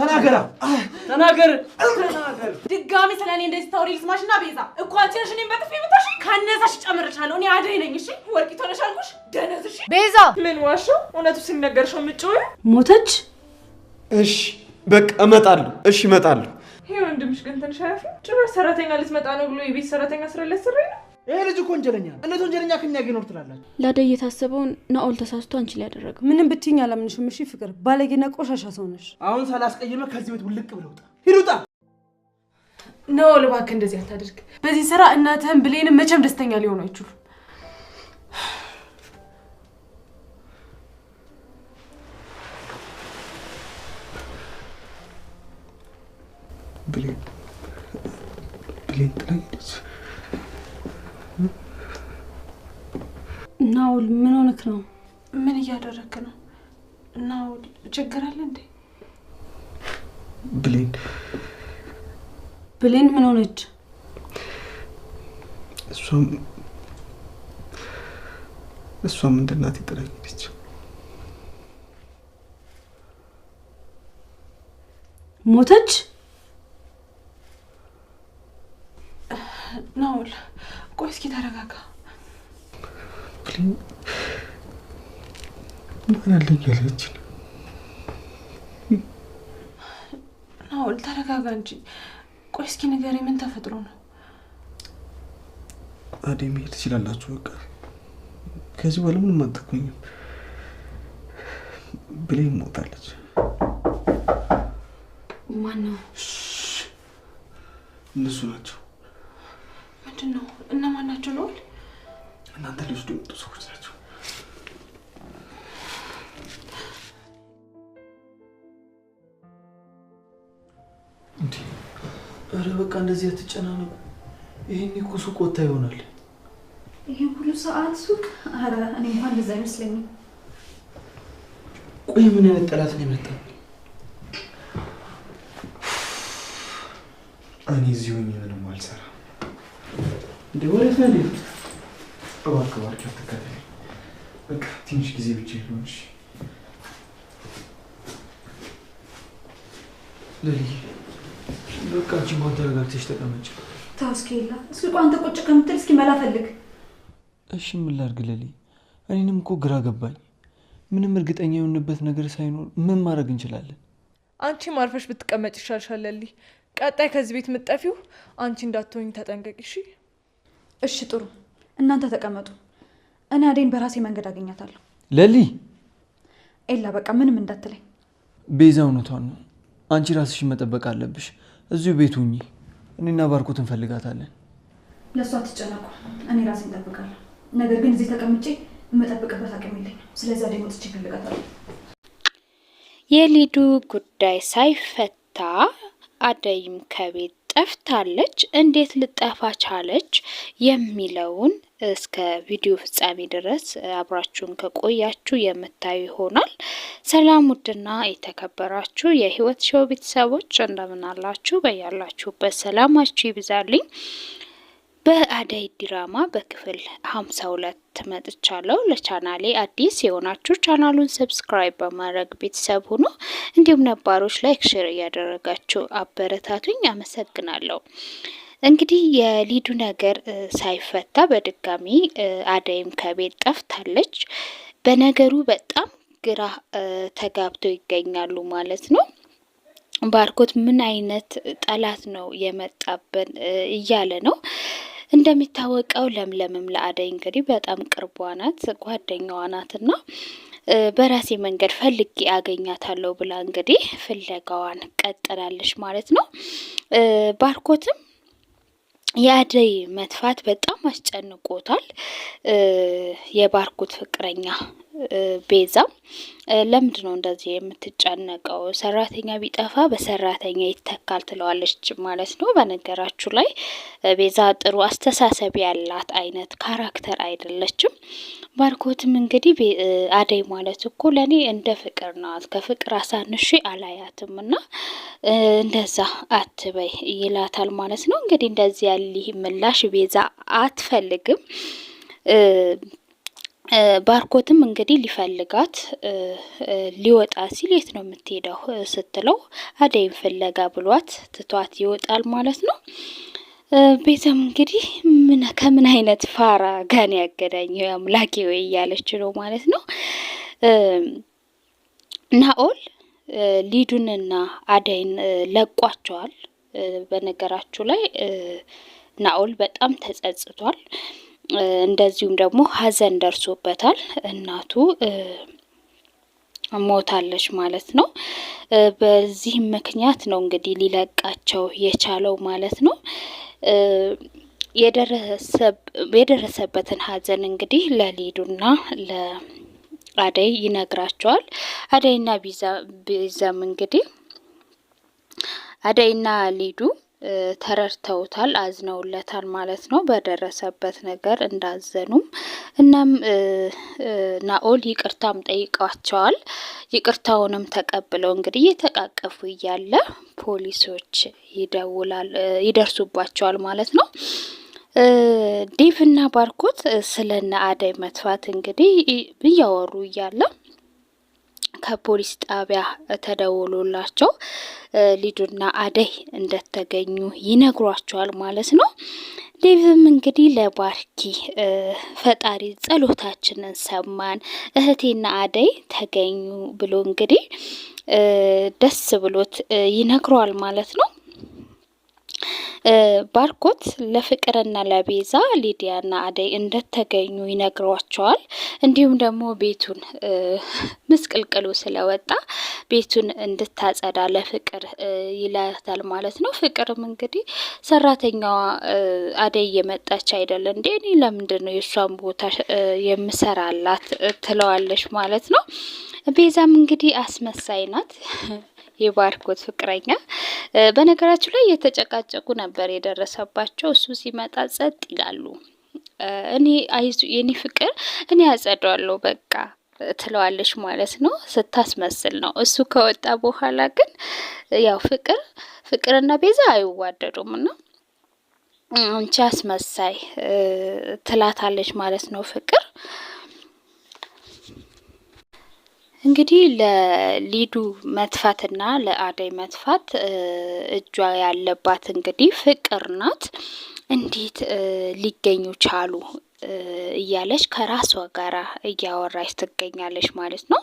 ተናገራ ተናገር ተናገር። ድጋሚ ስለ እኔ እንደዚህ ታውሪ ልስማሽ እና ቤዛ እኮ አንቺ ነሽ እኔን በጥፊ ብታሽ ከነዛሽ ጨምርሻለሁ። እኔ አደይ ነኝ። እሺ ወርቂ ሆነሽ አልኩሽ። ደነዝሽ ቤዛ ምን ዋሸው? እውነቱ ሲነገርሽ ምጮይ ሞተች። እሺ በቃ እመጣለሁ። እሺ እመጣለሁ። ይሄ ወንድምሽ ግን ትንሽ አያፍርም? ጭራሽ ሰራተኛ ልትመጣ ነው ብሎ የቤት ሰራተኛ ስራ ሊያሰራኝ ነው ይሄ ልጅ እኮ ወንጀለኛ ነው። እንዴት ወንጀለኛ ከኛ ጋር ይኖር ትላላችሁ? ለአደይ የታሰበውን ናኦል ተሳስቶ አንቺ ላይ ያደረገው ምንም ብትይኝ አላምንሽም። እሺ ፍቅር፣ ባለጌና ቆሻሻ ሰው ነሽ። አሁን ሳላስቀይመ ከዚህ ቤት ውልቅ ብለውጣ ሂዱጣ። ናኦል እባክህ እንደዚህ አታደርግ። በዚህ ስራ እናትህን ብሌንም መቼም ደስተኛ ሊሆኑ አይችሉም። ናኦል ምን ሆነክ ነው? ምን እያደረክ ነው? ናኦል ችግር አለ እንዴ? ብሌን ብሌን ምን ሆነች? እሷም እሷም እንደ እናቴ ሞተች? ናውል ቆይ እስኪ ተረጋጋ። ክሊን ምን አለ እያለች ነው ተረጋጋ እንጂ ቆይ እስኪ ንገረኝ ምን ተፈጥሮ ነው አዴ መሄድ ትችላላችሁ በቃ ከዚህ በኋላ ምንም አጠቆኝም ብላ ሞታለች ማን ነው እነሱ ናቸው ምንድን ነው እነማን ናቸው ነውል እናንተ ሊወስዱ የመጡ ሰዎች ናቸው። እረ በቃ እንደዚህ አትጨናነቁ። ይህን እኮ ሱቅ ወታ ይሆናል። ይሄን ሁሉ ሰዓት ሱቅ? አረ እኔ እንኳን እንደዛ አይመስለኝም። ቆይ ምን አይነት ጠላት ነው የመጣ? እኔ እዚሁ ምንም አልሰራም። እንዴ ወዴት ነው እባክህ እባክህ አትከታተል። በቃ ትንሽ ጊዜ ብቻ ይሆንሽ ለልይ በቃ አንቺ እንኳን ተረጋግተሽ ተቀመጭ። ተው እስኪ የለ እስኪ ቆይ አንተ ቁጭ ከምትል እስኪ መላ ፈልግ። እሺ ምን ላድርግ ለልይ? እኔንም እኮ ግራ ገባኝ። ምንም እርግጠኛ የሆንበት ነገር ሳይኖር ምን ማድረግ እንችላለን? አንቺ ማርፈሽ ብትቀመጭ ይሻልሻል ለልይ። ቀጣይ ከዚህ ቤት የምትጠፊው አንቺ እንዳትሆኝ ተጠንቀቂ እሺ። እሺ ጥሩ እናንተ ተቀመጡ፣ እኔ አዴን በራሴ መንገድ አገኛታለሁ። ለሊ ኤላ፣ በቃ ምንም እንዳትለኝ። ቤዛ እውነቷን ነው። አንቺ ራስሽን መጠበቅ አለብሽ። እዚሁ ቤት ሁኚ። እኔና ባርኮት እንፈልጋታለን። ለእሷ አትጨነቁ፣ እኔ ራሴ እንጠብቃለሁ። ነገር ግን እዚህ ተቀምጬ የምጠብቅበት አቅም የለኝም። ስለዚህ አዴን ወጥቼ እፈልጋታለሁ። የሊዱ ጉዳይ ሳይፈታ አደይም ከቤት ጠፍታለች፣ እንዴት ልጠፋ ቻለች የሚለውን እስከ ቪዲዮ ፍጻሜ ድረስ አብራችሁን ከቆያችሁ የምታዩ ይሆናል። ሰላም ውድና የተከበራችሁ የህይወት ሸው ቤተሰቦች እንደምናላችሁ፣ በያላችሁበት ሰላማችሁ ይብዛልኝ። በአደይ ድራማ በክፍል ሀምሳ ሁለት መጥቻለሁ። ለቻናሌ አዲስ የሆናችሁ ቻናሉን ሰብስክራይብ በማድረግ ቤተሰብ ሁኑ። እንዲሁም ነባሮች ላይክ፣ ሼር እያደረጋችሁ አበረታቱኝ። አመሰግናለሁ። እንግዲህ የሊዱ ነገር ሳይፈታ በድጋሚ አደይም ከቤት ጠፍታለች። በነገሩ በጣም ግራ ተጋብቶ ይገኛሉ ማለት ነው። ባርኮት ምን አይነት ጠላት ነው የመጣብን እያለ ነው እንደሚታወቀው ለምለምም ለአደይ እንግዲህ በጣም ቅርቧ ናት፣ ጓደኛዋ እና በራሴ መንገድ ፈልጌ አገኛታለሁ ብላ እንግዲህ ፍለጋዋን ቀጥላለች ማለት ነው። ባርኮትም የአደይ መጥፋት በጣም አስጨንቆታል። የባርኮት ፍቅረኛ ቤዛ ለምንድን ነው እንደዚህ የምትጨነቀው? ሰራተኛ ቢጠፋ በሰራተኛ ይተካል ትለዋለች ማለት ነው። በነገራችሁ ላይ ቤዛ ጥሩ አስተሳሰብ ያላት አይነት ካራክተር አይደለችም። ባርኮትም እንግዲህ አደይ ማለት እኮ ለእኔ እንደ ፍቅር ናት፣ ከፍቅር አሳንሽ አላያትም እና እንደዛ አትበይ ይላታል ማለት ነው። እንግዲህ እንደዚህ ያለ ምላሽ ቤዛ አትፈልግም። ባርኮትም እንግዲህ ሊፈልጋት ሊወጣ ሲል የት ነው የምትሄደው ስትለው አደይም ፍለጋ ብሏት ትቷት ይወጣል ማለት ነው። ቤተም እንግዲህ ምን ከምን አይነት ፋራ ጋን ያገዳኘው አምላኬ ወይ እያለች ነው ማለት ነው። ናኦል ሊዱንና አደይን ለቋቸዋል። በነገራችሁ ላይ ናኦል በጣም ተጸጽቷል። እንደዚሁም ደግሞ ሀዘን ደርሶበታል። እናቱ ሞታለች ማለት ነው። በዚህ ምክንያት ነው እንግዲህ ሊለቃቸው የቻለው ማለት ነው። የደረሰበትን ሀዘን እንግዲህ ለሊዱና ለአደይ ይነግራቸዋል። አደይና ቢዛም እንግዲህ አደይና ሊዱ ተረድተውታል፣ አዝነውለታል ማለት ነው። በደረሰበት ነገር እንዳዘኑም እናም ናኦል ይቅርታም ጠይቋቸዋል። ይቅርታውንም ተቀብለው እንግዲህ እየተቃቀፉ እያለ ፖሊሶች ይደውላል ይደርሱባቸዋል ማለት ነው። ዴቭ እና ባርኮት ስለነ አደይ መጥፋት እንግዲህ እያወሩ እያለ ከፖሊስ ጣቢያ ተደውሎላቸው ሊዱና አደይ እንደተገኙ ይነግሯቸዋል ማለት ነው። ዴቭም እንግዲህ ለባርኪ ፈጣሪ ጸሎታችንን ሰማን፣ እህቴና አደይ ተገኙ ብሎ እንግዲህ ደስ ብሎት ይነግረዋል ማለት ነው። ባርኮት ለፍቅርና ለቤዛ ሊዲያና አደይ እንደተገኙ ይነግሯቸዋል። እንዲሁም ደግሞ ቤቱን ምስቅልቅሉ ስለወጣ ቤቱን እንድታጸዳ ለፍቅር ይላታል ማለት ነው። ፍቅርም እንግዲህ ሰራተኛዋ አደይ የመጣች አይደለ እንዴ እኔ ለምንድን ነው የእሷን ቦታ የምሰራላት ትለዋለች ማለት ነው። ቤዛም እንግዲህ አስመሳይ ናት። የባርኮት ፍቅረኛ። በነገራችሁ ላይ የተጨቃጨቁ ነበር የደረሰባቸው። እሱ ሲመጣ ጸጥ ይላሉ። እኔ አይዞ የኔ ፍቅር እኔ ያጸዳዋለሁ በቃ ትለዋለች ማለት ነው። ስታስመስል ነው። እሱ ከወጣ በኋላ ግን ያው ፍቅር ፍቅርና ቤዛ አይዋደዱም እና አንቺ አስመሳይ ትላታለች ማለት ነው ፍቅር እንግዲህ ለሊዱ መጥፋትና ለአደይ መጥፋት እጇ ያለባት እንግዲህ ፍቅር ናት። እንዴት ሊገኙ ቻሉ እያለች ከራሷ ጋራ እያወራች ትገኛለች ማለት ነው።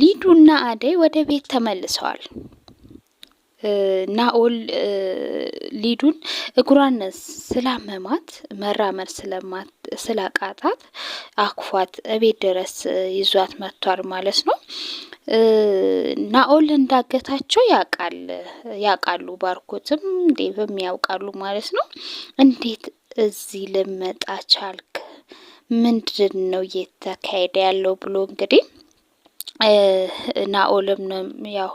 ሊዱና አደይ ወደ ቤት ተመልሰዋል። ናኦል ሊዱን እግሯን ስላመማት መራመድ ስላቃጣት አክፏት እቤት ድረስ ይዟት መጥቷል ማለት ነው። ናኦል እንዳገታቸው ያቃል ያቃሉ ባርኮትም ዴቭም ያውቃሉ ማለት ነው። እንዴት እዚህ ልመጣ ቻልክ? ምንድን ነው እየተካሄደ ያለው ብሎ እንግዲህ ናኦልም ያው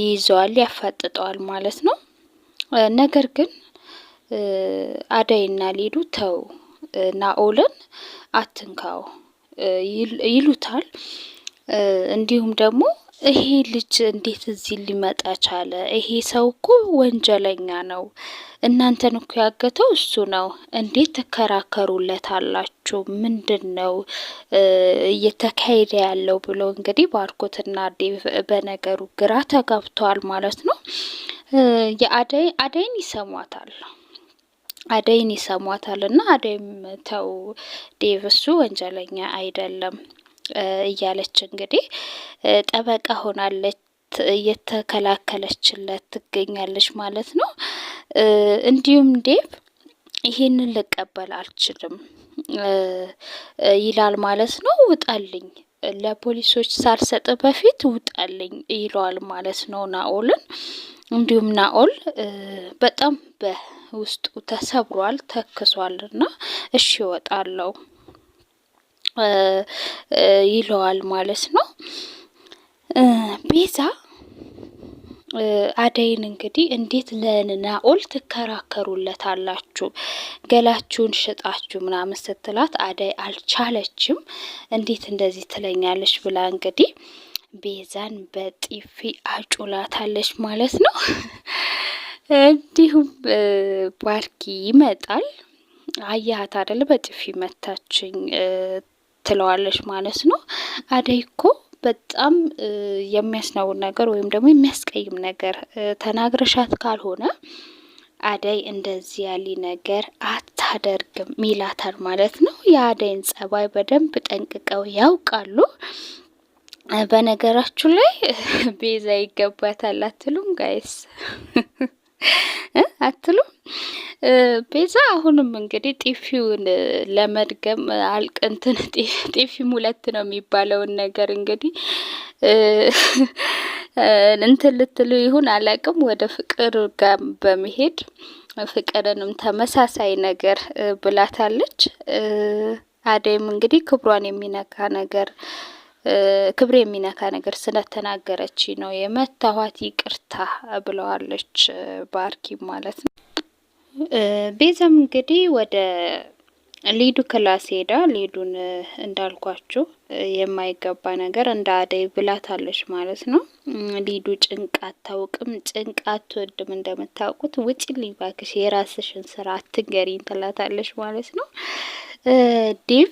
ይይዘዋል፣ ያፋጥጠዋል ማለት ነው። ነገር ግን አደይና ሊዱ ተው ናኦልን አትንካው ይሉታል። እንዲሁም ደግሞ ይሄ ልጅ እንዴት እዚህ ሊመጣ ቻለ? ይሄ ሰው እኮ ወንጀለኛ ነው። እናንተን እኮ ያገተው እሱ ነው። እንዴት ትከራከሩለት አላችሁ? ምንድን ነው እየተካሄደ ያለው? ብሎ እንግዲህ ባርኮትና ዴቭ በነገሩ ግራ ተጋብተዋል ማለት ነው። የአደይ አደይን ይሰሟታል አደይን ይሰሟታል እና አደይም ተው ዴቭ እሱ ወንጀለኛ አይደለም እያለች እንግዲህ ጠበቃ ሆናለች እየተከላከለችለት ትገኛለች ማለት ነው። እንዲሁም ዴቭ ይሄንን ልቀበል አልችልም ይላል ማለት ነው። ውጣልኝ ለፖሊሶች ሳልሰጥ በፊት ውጣልኝ ይለዋል ማለት ነው ናኦልን። እንዲሁም ናኦል በጣም በውስጡ ተሰብሯል፣ ተክሷልና እሺ እወጣለሁ ይለዋል ማለት ነው። ቤዛ አደይን እንግዲህ እንዴት ለናኦል ትከራከሩለታላችሁ? ገላችሁን ሽጣችሁ ምናምን ስትላት አደይ አልቻለችም። እንዴት እንደዚህ ትለኛለች ብላ እንግዲህ ቤዛን በጢፊ አጩላታለች ማለት ነው። እንዲሁም ባርኪ ይመጣል። አያት አደለ በጢፊ መታችኝ ትለዋለች ማለት ነው። አደይ እኮ በጣም የሚያስናውን ነገር ወይም ደግሞ የሚያስቀይም ነገር ተናግረሻት ካልሆነ አደይ እንደዚህ ያለ ነገር አታደርግም ይላታል ማለት ነው። የአደይን ጸባይ በደንብ ጠንቅቀው ያውቃሉ። በነገራችሁ ላይ ቤዛ ይገባታል አትሉም ጋይስ? አትሉ ቤዛ አሁንም እንግዲህ ጢፊውን ለመድገም አልቅንትን ጢፊ ሙለት ነው የሚባለውን ነገር እንግዲህ እንትን ልትሉ ይሁን አላቅም። ወደ ፍቅር ጋር በመሄድ ፍቅርንም ተመሳሳይ ነገር ብላታለች። አደይም እንግዲህ ክብሯን የሚነካ ነገር ክብሬ የሚነካ ነገር ስለተናገረች ነው የመታኋት፣ ይቅርታ ብለዋለች ባርኪ ማለት ነው። ቤዛም እንግዲህ ወደ ሊዱ ክላስ ሄዳ ሊዱን እንዳልኳችሁ የማይገባ ነገር እንደ አደይ ብላታለች ማለት ነው። ሊዱ ጭንቅ አታውቅም፣ ጭንቅ አትወድም። እንደምታውቁት ውጭ ሊባክሽ የራስሽን ስራ አትንገሪኝ ትላታለች ማለት ነው ዲቭ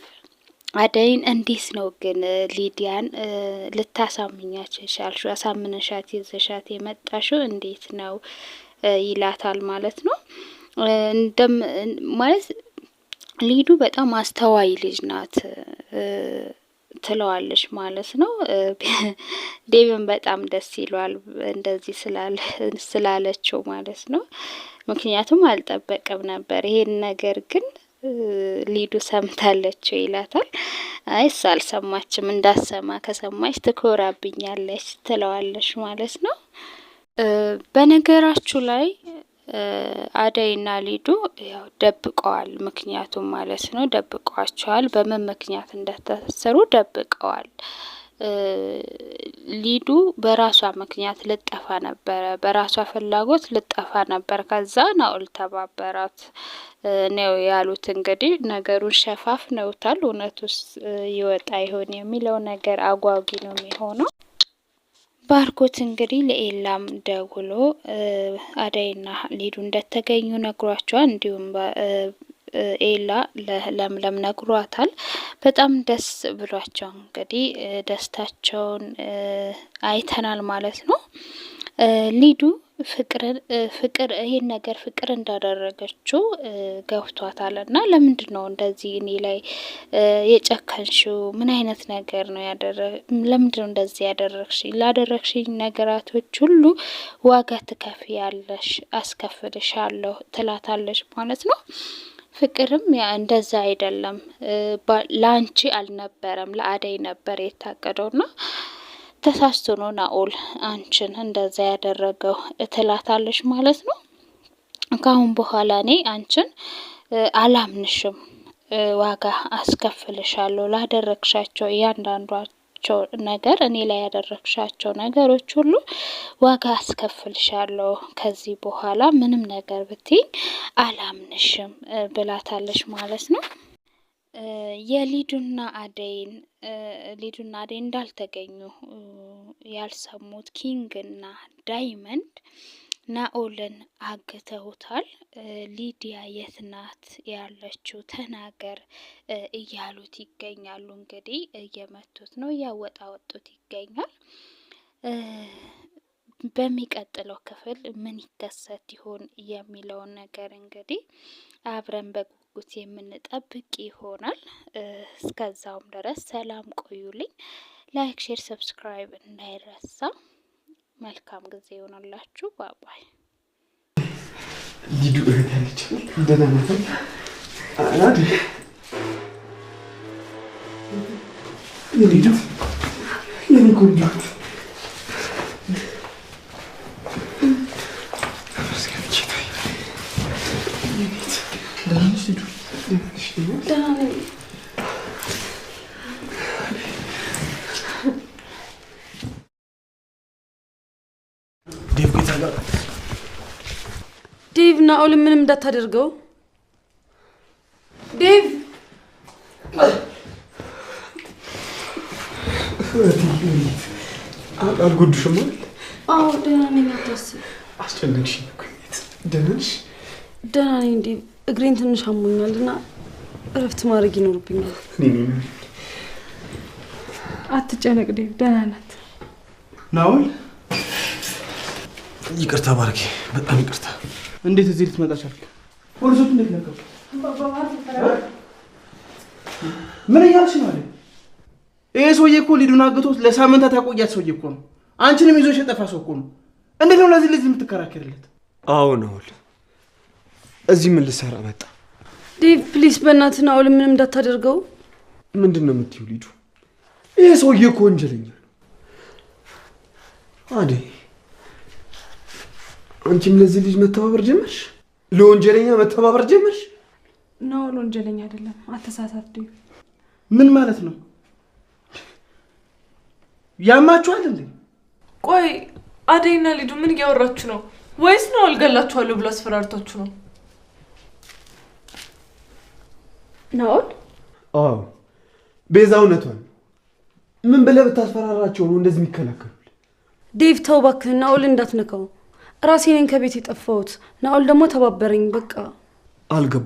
አደይን እንዴት ነው ግን ሊዲያን ልታሳምኛች ሻልሹ? አሳምነሻት ይዘሻት የመጣሽው እንዴት ነው ይላታል ማለት ነው። እንደም ማለት ሊዱ በጣም አስተዋይ ልጅ ናት ትለዋለች ማለት ነው። ዴቭን በጣም ደስ ይሏል እንደዚህ ስላለችው ማለት ነው። ምክንያቱም አልጠበቅም ነበር ይሄን ነገር ግን ሊዱ ሰምታለች ይላታል። አይስ አልሰማችም፣ እንዳሰማ ከሰማች ትኮራብኛለች ትለዋለች ማለት ነው። በነገራችሁ ላይ አደይና ሊዱ ያው ደብቀዋል፣ ምክንያቱም ማለት ነው ደብቀዋቸዋል። በምን ምክንያት እንደታሰሩ ደብቀዋል። ሊዱ በራሷ ምክንያት ልጠፋ ነበረ፣ በራሷ ፍላጎት ልጠፋ ነበር። ከዛ ናኦል ተባበራት ነው ያሉት። እንግዲህ ነገሩን ሸፋፍ ነውታል። እውነቱስ ይወጣ ይሆን የሚለው ነገር አጓጊ ነው የሚሆነው። ባርኮት እንግዲህ ለኤላም ደውሎ አደይና ሊዱ እንደተገኙ ነግሯቸዋል። እንዲሁም ኤላ ለምለም ነግሯታል። በጣም ደስ ብሏቸው እንግዲህ ደስታቸውን አይተናል ማለት ነው። ሊዱ ፍቅር ይህን ነገር ፍቅር እንዳደረገችው ገብቷታል። እና ለምንድን ነው እንደዚህ እኔ ላይ የጨከንሽው? ምን አይነት ነገር ነው ያደረግ? ለምንድን ነው እንደዚህ ያደረግሽ? ላደረግሽኝ ነገራቶች ሁሉ ዋጋ ትከፍያለሽ፣ አስከፍልሻለሁ ትላታለሽ ማለት ነው። ፍቅርም እንደዛ አይደለም ለአንቺ አልነበረም ለአደይ ነበር የታቀደውና ተሳስቶ ነው ናኦል አንቺን እንደዛ ያደረገው እትላታለች ማለት ነው። ከአሁን በኋላ እኔ አንቺን አላምንሽም ዋጋ አስከፍልሻለሁ ላደረግሻቸው እያንዳንዷ ያደረግሻቸው ነገር እኔ ላይ ያደረግሻቸው ነገሮች ሁሉ ዋጋ አስከፍልሻለሁ። ከዚህ በኋላ ምንም ነገር ብትኝ አላምንሽም ብላታለች ማለት ነው። የሊዱና አደይን ሊዱና አደይ እንዳልተገኙ ያልሰሙት ኪንግና ዳይመንድ ናኦልን አግተውታል። ሊዲያ የት ናት ያለችው ተናገር እያሉት ይገኛሉ። እንግዲህ እየመቱት ነው፣ እያወጣ ወጡት ይገኛል። በሚቀጥለው ክፍል ምን ይከሰት ይሆን የሚለውን ነገር እንግዲህ አብረን በጉጉት የምንጠብቅ ይሆናል። እስከዛውም ድረስ ሰላም ቆዩልኝ። ላይክ፣ ሼር፣ ሰብስክራይብ እንዳይረሳ። መልካም ጊዜ ይሆናላችሁ። ባባይ ሊዱ እህት እህታለች እንደናመተ ናኦልን ምንም እንዳታደርገው ዴቭ። አልጎዱሽም? አዎ ደህና ነኝ። አታስብ። አስጨነቅሽኝ ደህና ነሽ? ደህና ነኝ ዴቭ። እግሬን ትንሽ አሞኛል እና እረፍት ማድረግ ይኖርብኛል። አትጨነቅ ዴቭ፣ ደህና ናት ናኦል። ይቅርታ ባርኬ፣ በጣም ይቅርታ እንዴት እዚህ ልትመጣ ቻልክ? ፖሊሶች እንዴት ነገሩ? ምን እያልሽ ነው? ይሄ ሰውዬ እኮ ሊዱን አግቶ ለሳምንታት ያቆያት ሰውዬ እኮ ነው። አንቺንም ይዞ የጠፋ ሰው እኮ ነው። እንዴት ነው ለዚህ ልጅ የምትከራከርለት? አዎ ናውል፣ እዚህ ምን ልሰራ መጣ? ዴቭ ፕሊስ፣ በእናትህ ናውል፣ ምንም እንዳታደርገው። ምንድን ነው የምትይው? ሊዱ፣ ይሄ ሰውዬ እኮ ወንጀለኛ ነው አዴ አንቺም ለዚህ ልጅ መተባበር ጀመርሽ? ለወንጀለኛ መተባበር ጀመርሽ? ነው ለወንጀለኛ አይደለም፣ አተሳሳት። ምን ማለት ነው? ያማችኋል እንዴ? ቆይ አደይና ሊዱ ምን እያወራችሁ ነው? ወይስ ነው አልገላችኋለሁ ብሎ አስፈራርታችሁ ነው? ናኦል አዎ፣ ቤዛ እውነቷን ምን ብለህ ብታስፈራራቸው ነው እንደዚህ የሚከላከሉል? ዴቭ ተው እባክህ፣ ናኦል እንዳትነካው ራሴ ነኝ ከቤት የጠፋሁት። ናኦል ደግሞ ተባበረኝ። በቃ አልገባ